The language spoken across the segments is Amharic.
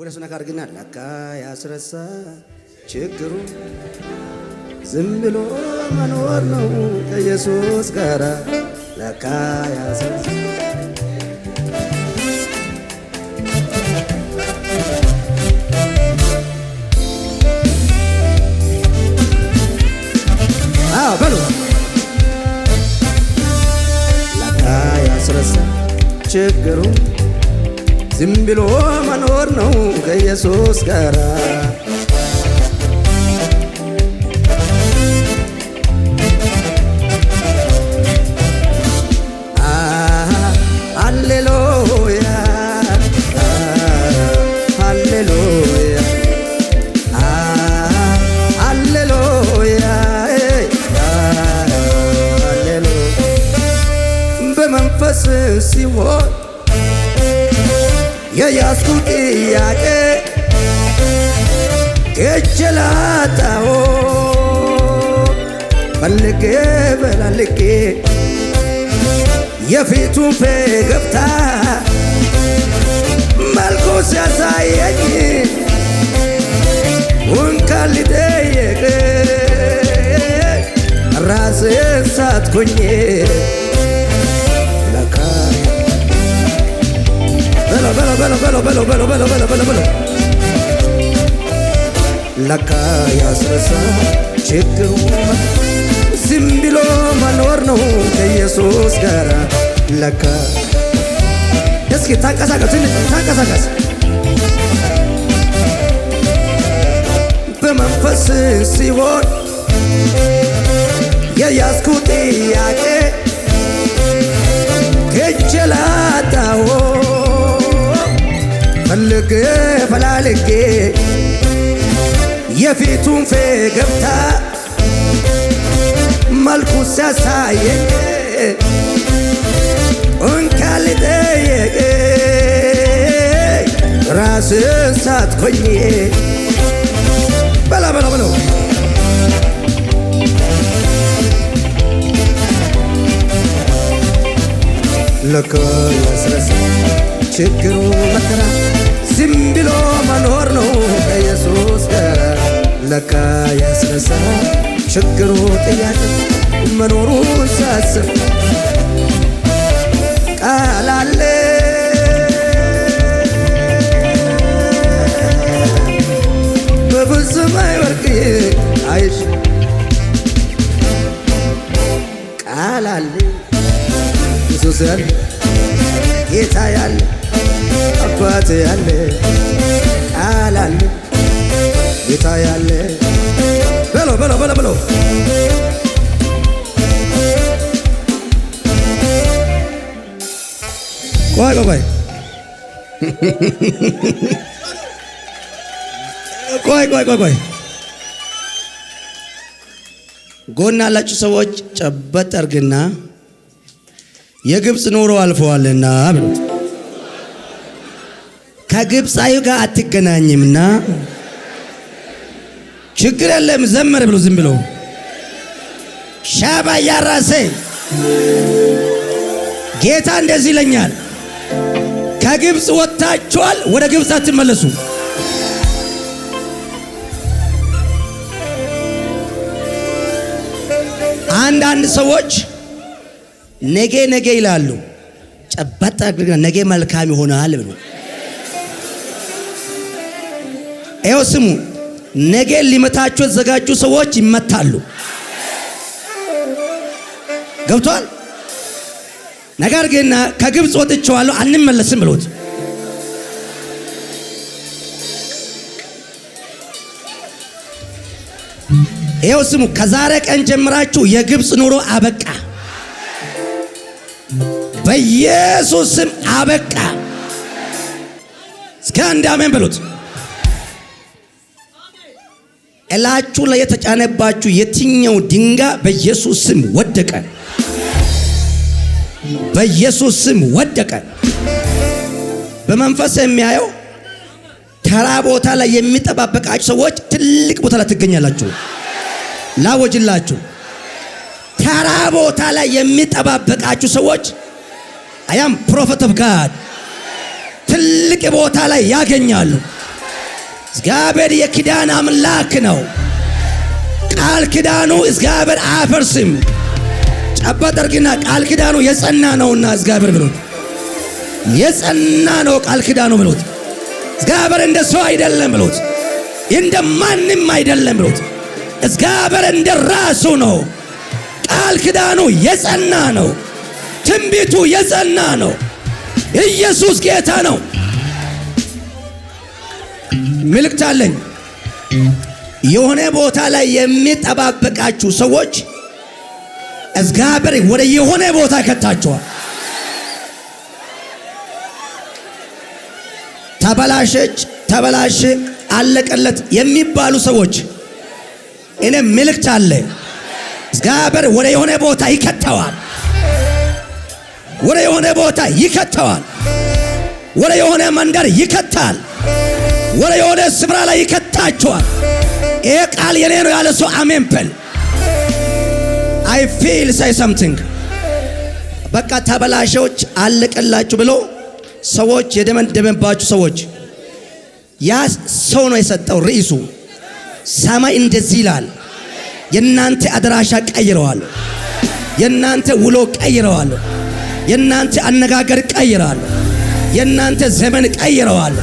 ወደ ሱነካ ግን አላካ ያስረሳ ችግሩ ዝም ብሎ መኖር ነው ከኢየሱስ ጋራ ለካ ያስረሳ ያስረሳ ችግሩ ዝም ብሎ መኖር ነው ከኢየሱስ ጋራ ሲሆን። የያዝኩ ጥያቄ እጅ ፈልጌ በላልጌ የፊቱን ፈገግታ መልኩ ሲያሳየኝ እንኳን ልጠየቅ ራሴን ሳትኩኝ በለው በለው በለው ለካ ያስረሳ ችግሩ ዝም ብሎ መኖር ነው ከኢየሱስ ጋር ለካ እስኪ ታንቀሳቀስ ታንቀሳቀስ በመንፈስ ሲሆን የያዝኩ ጥያቄ ከጀላታሆ ፈልግ ፈላልጌ የፊቱን ፌ ገብታ መልኩ ሲያሳየኝ እንካ ልጠየቅ ራስን ሳትኮኝ በላ በላ በለው ለካ ያስረሳ ችግሩ መከራ ዝም ብሎ መኖር ነው ከኢየሱስ ለካ ያስረሳ ችግሩ ጥያቄ መኖሩ ሳስብ ቃል አለ በብዙም አይወርቅ አይሽ ቃል አለ ኢየሱስ ያለ ጌታ ያለ አባት ያለ ቃል አለ ጌታ ያለ በሎ በሎ በሎ በሎ ቆይ ቆይ ቆይ ቆይ ቆይ ቆይ ጎና ያላችሁ ሰዎች ጨበጥ አርግና የግብፅ ኑሮ አልፈዋልና ብሉት ከግብፃዩ ጋር አትገናኝምና ችግር የለም። ዘመር ብሎ ዝም ብሎ ሻባ ያራሴ ጌታ እንደዚህ ይለኛል፣ ከግብፅ ወጥታችኋል፣ ወደ ግብፅ አትመለሱ። አንዳንድ ሰዎች ነገ ነገ ይላሉ። ጨበጣ ነገ መልካም ይሆናል ብሎ ይኸው ስሙ፣ ነገ ሊመታችሁ የተዘጋጁ ሰዎች ይመታሉ። ገብቷል። ነገር ግን ከግብፅ ወጥቼዋለሁ አንመለስም ብሎት ይኸው ስሙ፣ ከዛሬ ቀን ጀምራችሁ የግብፅ ኑሮ አበቃ። በኢየሱስ ስም አበቃ። እስከ አንድ አሜን በሉት። እላችሁ ላይ የተጫነባችሁ የትኛው ድንጋይ በኢየሱስ ስም ወደቀ። በኢየሱስ ስም ወደቀ። በመንፈስ የሚያየው ተራ ቦታ ላይ የሚጠባበቃችሁ ሰዎች ትልቅ ቦታ ላይ ትገኛላችሁ። ላወጅላችሁ፣ ተራ ቦታ ላይ የሚጠባበቃችሁ ሰዎች አያም ፕሮፌት ኦፍ ጋድ ትልቅ ቦታ ላይ ያገኛሉ። እግዚአብሔር የኪዳን አምላክ ነው። ቃል ኪዳኑ እግዚአብሔር አያፈርስም። ጨበጥ አድርጊና ቃል ኪዳኑ የጸና ነውና እግዚአብሔር ብሎት የጸና ነው ቃል ኪዳኑ ብሎት እግዚአብሔር እንደ ሰው አይደለም ብሎት እንደ ማንም አይደለም ብሎት እግዚአብሔር እንደ ራሱ ነው። ቃል ኪዳኑ የጸና ነው። ትንቢቱ የጸና ነው። ኢየሱስ ጌታ ነው። ምልክት አለኝ። የሆነ ቦታ ላይ የሚጠባበቃችሁ ሰዎች እግዚአብሔር ወደ የሆነ ቦታ ይከታችኋል። ተበላሸች፣ ተበላሽ አለቀለት የሚባሉ ሰዎች እኔ ምልክት አለ። እግዚአብሔር ወደ የሆነ ቦታ ይከተዋል። ወደ የሆነ ቦታ ይከተዋል። ወደ የሆነ መንገድ ይከታል። ወደ የሆነ ስፍራ ላይ ይከታችኋል። ይሄ ቃል የኔ ነው ያለ ሰው አሜን በል። አይ ፊል ሳይ ሰምቲንግ በቃ ተበላሾች አለቀላችሁ ብሎ ሰዎች የደመደመባችሁ ሰዎች ያ ሰው ነው የሰጠው ርዕሱ። ሰማይ እንደዚህ ይላል፣ የእናንተ አድራሻ ቀይረዋል፣ የእናንተ ውሎ ቀይረዋል፣ የእናንተ አነጋገር ቀይረዋል፣ የእናንተ ዘመን ቀይረዋል።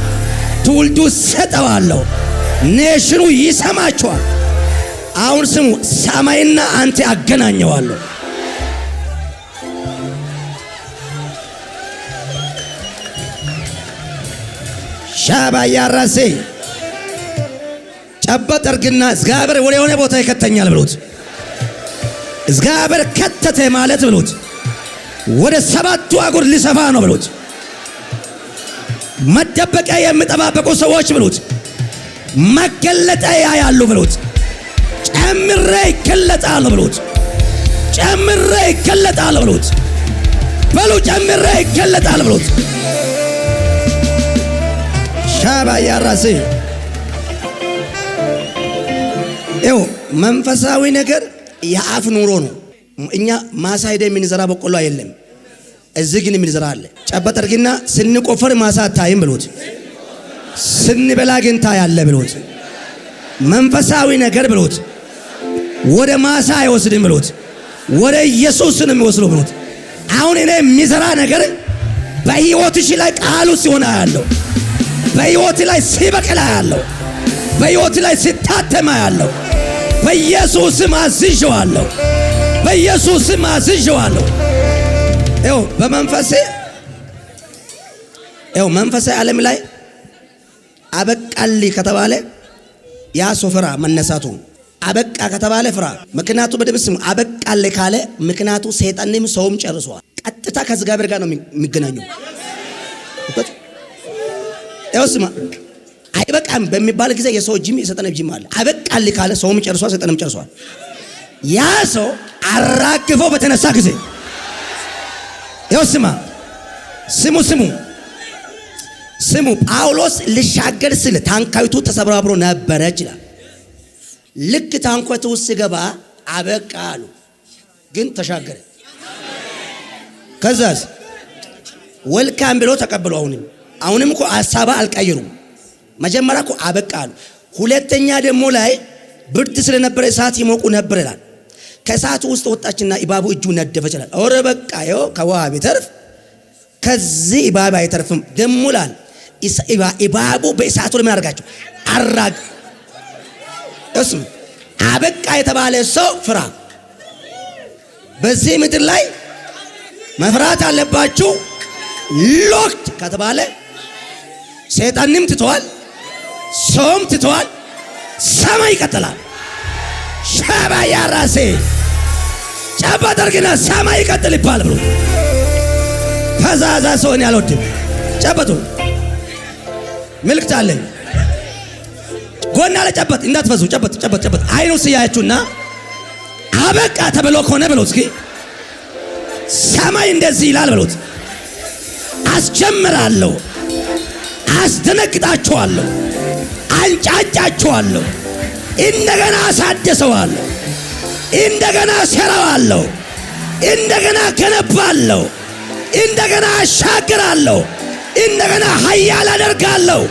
ትውልዱ ሰጠዋለሁ። ኔሽኑ ይሰማቸዋል። አሁን ስሙ፣ ሰማይና አንተ አገናኘዋለሁ። ሻባ ያራሴ ጨበጥ እርግና እግዚአብሔር ወደ የሆነ ቦታ ይከተኛል ብሎት እግዚአብሔር ከተተ ማለት ብሎት ወደ ሰባቱ አጉር ሊሰፋ ነው ብሎት መደበቂያ የምጠባበቁ ሰዎች ብሉት፣ መገለጠ ያያሉ ብሉት፣ ጨምሬ ይገለጣሉ ብሉት፣ ጨምሬ ይገለጣሉ ብሉት፣ በሉ ጨምሬ ይገለጣሉ ብሉት። ሻባ ያራሴ ይው መንፈሳዊ ነገር የአፍ ኑሮ ነው። እኛ ማሳ ሄደ የምንዘራ በቆሎ የለም። እዚህ ግን ምን ዘራ አለ? ጨበጥ አድርግና ስንቆፈር ማሳ አታይም ብሎት፣ ስንበላ ግን ታያለ ብሎት፣ መንፈሳዊ ነገር ብሎት፣ ወደ ማሳ አይወስድም ብሎት፣ ወደ ኢየሱስ ነው የሚወስደው ብሎት። አሁን እኔ የሚዘራ ነገር በህይወትሽ ላይ ቃሉ ሲሆን አያለሁ። በህይወት ላይ ሲበቅል አያለሁ። በህይወት ላይ ሲታተም አያለሁ። በኢየሱስም አዝዤዋለሁ። በኢየሱስም አዝዤዋለሁ። ይኸው በመንፈሴ ይኸው መንፈሳዊ ዓለም ላይ አበቃልህ ከተባለ ያ ሰው ፍራ መነሳቱ አበቃ ከተባለ ፍራ። ምክንያቱ በደብስ ስሙ። አበቃልህ ካለ ምክንያቱ ሰይጣንም ሰውም ጨርሷል። ቀጥታ ከዚህ ጋር ነው የሚገናኘው። ይኸው ስማ አይበቃም በሚባል ጊዜ የሰው ጅም የሰጠነ ጅም አለ። አበቃልህ ካለ ሰውም ጨርሷል፣ ሰይጣንም ጨርሷል። ያ ሰው አራግፈው በተነሳ ጊዜ ያው ስማ፣ ስሙ፣ ስሙ፣ ስሙ። ጳውሎስ ልሻገር ስል ታንኳይቱ ተሰብራብሮ ነበረ ይችላል። ልክ ታንኳይቱ ውስጥ ስገባ አበቃ አሉ፣ ግን ተሻገረ። ከዛስ ወልካም ብሎ ተቀብሎ አሁንም አሁንም እኮ ሀሳባ አልቀየሩም። መጀመሪያ እኮ አበቃ አሉ። ሁለተኛ ደግሞ ላይ ብርድ ስለነበረ እሳት ይሞቁ ነበር ይላል። ከእሳቱ ውስጥ ወጣችና እባቡ እጁ ነደፈ ይችላል ኦረ በቃ ይኸው ከውሃ ቢተርፍ ከዚህ እባብ አይተርፍም። ደሙላል እባቡ በእሳቱ ለምን አድርጋቸው አራግ እስም አበቃ የተባለ ሰው ፍራ። በዚህ ምድር ላይ መፍራት አለባችሁ። ሎክት ከተባለ ሰይጣንም ትተዋል፣ ሰውም ትተዋል፣ ሰማይ ይቀጥላል። ሸባ ያራሴ ጨበጠርግና ሰማይ ይቀጥል ይባል ብሎ ፈዛዛ ሰውን ያልወድም ጨበጡ ምልክት አለኝ። ጎና ለጨበጥ እንዳትፈዙ ጨበጥ ጨበጥ ጨበጥ አይኑ ስያያችሁና አበቃ ተብሎ ከሆነ ብሎት እስኪ ሰማይ እንደዚህ ይላል ብሎት አስጀምራለሁ፣ አስደነግጣችኋለሁ፣ አንጫጫችኋለሁ፣ እንደገና አሳደሰዋለሁ። እንደገና ሰራዋለሁ፣ እንደገና ገነባለሁ፣ እንደገና አሻግራለሁ፣ እንደገና ኃያል አደርጋለሁ።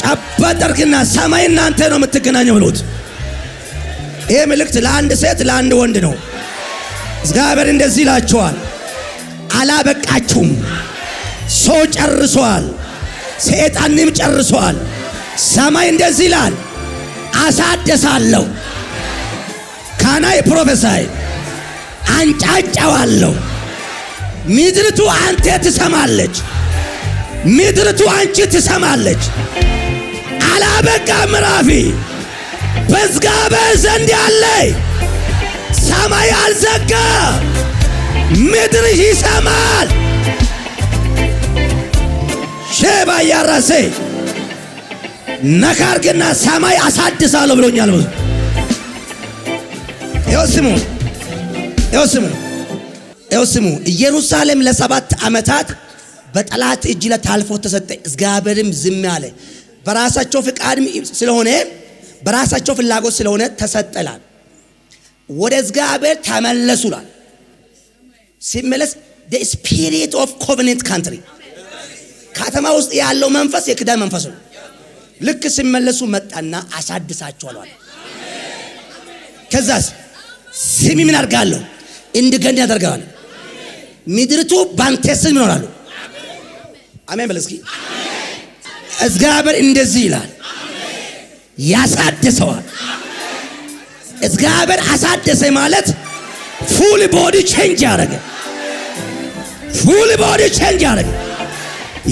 ጨባ ጠርግና ሰማይ እናንተ ነው የምትገናኘው ብሎት። ይህ ምልክት ለአንድ ሴት ለአንድ ወንድ ነው። እግዚአብሔር እንደዚህ ይላቸዋል፣ አላበቃችሁም። ሰው ጨርሷል፣ ሰይጣንም ጨርሷል። ሰማይ እንደዚህ ይላል፣ አሳደሳለሁ ካን አይ ፕሮፌሳይ አንጫጫዋለሁ። ምድርቱ አንቴ ትሰማለች። ምድርቱ አንቺ ትሰማለች። አላበቃ ምራፊ በእግዚአብሔር ዘንድ ያለ ሰማይ አልዘጋ፣ ምድር ይሰማል። ሼባ ያራሴ ነካርግና ሰማይ አሳድሳለሁ ብሎኛል። ስሙ ስሙ ስሙ ኢየሩሳሌም ለሰባት ዓመታት በጠላት እጅ ለታልፎ ተሰጠ። እግዚአብሔርም ዝም አለ። በራሳቸው ፍቃድም ስለሆነ በራሳቸው ፍላጎት ስለሆነ ተሰጠላል። ወደ እግዚአብሔር ተመለሱላል። ሲመለስ ስፒሪት ኦፍ ኮቨኔንት ካንትሪ ከተማ ውስጥ ያለው መንፈስ የክዳን መንፈስ ነው። ልክ ሲመለሱ መጣና አሳድሳቸዋል። ከዛስ ስሚ ምን አድርጋለሁ እንድገን ያደርገዋል። ምድርቱ ባንተ ስም ይኖራሉ። አሜን በል እስኪ። እግዚአብሔር እንደዚህ ይላል፣ ያሳደሰዋል። እግዚአብሔር አሳደሰ ማለት ፉል ቦዲ ቼንጅ ያደረገ ፉል ቦዲ ቼንጅ ያደረገ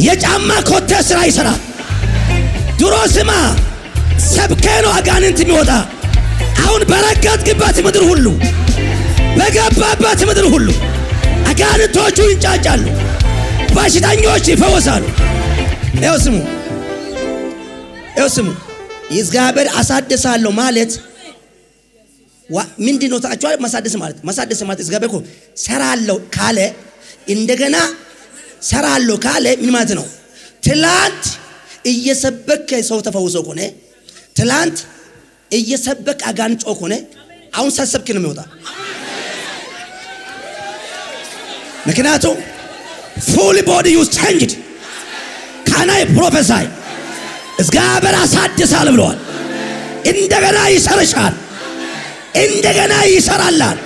የጫማ ኮቴ ስራ ይሰራል። ድሮ ስማ ሰብከ ነው አጋንንት የሚወጣ አሁን በረገጥክበት ምድር ሁሉ በገባባት ምድር ሁሉ አጋንንቶቹ ይንጫጫሉ፣ በሽተኞች ይፈወሳሉ። ይኸው ስሙ፣ ይኸው ስሙ። እግዚአብሔር አሳደሳለሁ ማለት ምንድን ነው ታችኋል? ማሳደስ ማለት ማሳደስ ማለት እግዚአብሔር እኮ ሰራለሁ ካለ እንደገና ሰራለሁ ካለ ምን ማለት ነው? ትላንት እየሰበከ ሰው ተፈውሶ ከሆነ ትላንት እየሰበክ አጋንጮ ሆነ አሁን ሳሰብክ ነው የሚወጣ። ምክንያቱም ፉል ቦዲ ዩዝ ቼንጅድ ካናይ ፕሮፌሳይ እግዚአብሔር አሳድሳል ብለዋል። እንደገና ይሰርሻል፣ እንደገና ይሰራላል፣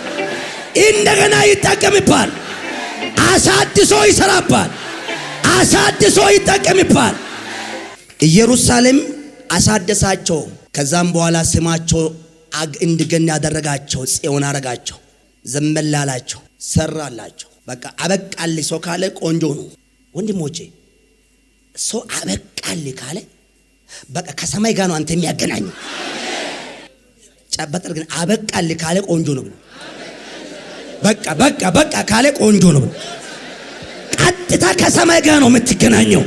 እንደገና ይጠቀምባል። አሳድሶ ይሰራባል፣ አሳድሶ ይጠቀምባል። ኢየሩሳሌም አሳደሳቸው። ከዛም በኋላ ስማቸው እንድገን ያደረጋቸው ጽዮን አረጋቸው። ዘመላላቸው፣ ሰራላቸው። በቃ አበቃል ሰው ካለ ቆንጆ ነው ወንድሞቼ። ሰው አበቃል ካለ በቃ ከሰማይ ጋር ነው አንተ የሚያገናኝ ጨበጠር ግን አበቃል ካለ ቆንጆ ነው በቃ በቃ በቃ ካለ ቆንጆ ነው ቀጥታ ከሰማይ ጋር ነው የምትገናኘው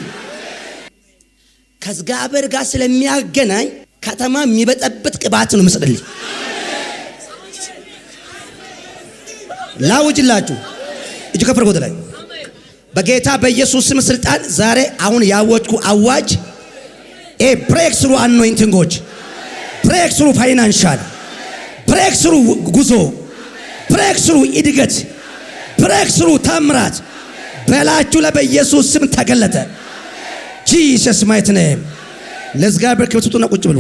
ከእግዚአብሔር ጋር ስለሚያገናኝ ከተማ የሚበጠብጥ ቅባት ነው ምስጥልኝ ላውጅላችሁ እጅ ከፍር ቦታ ላይ በጌታ በኢየሱስ ስም ስልጣን ዛሬ አሁን ያወጅኩ አዋጅ ኤ ብሬክ ስሩ አኖይንቲንጎች፣ ብሬክ ስሩ ፋይናንሻል፣ ብሬክ ስሩ ጉዞ፣ ብሬክ ስሩ እድገት፣ ብሬክ ስሩ ታምራት በላችሁ ለበኢየሱስ ስም ተገለጠ። ጂሰስ ማይት ነም ለእግዚአብሔር ክብር ስጡና ቁጭ ብሉ።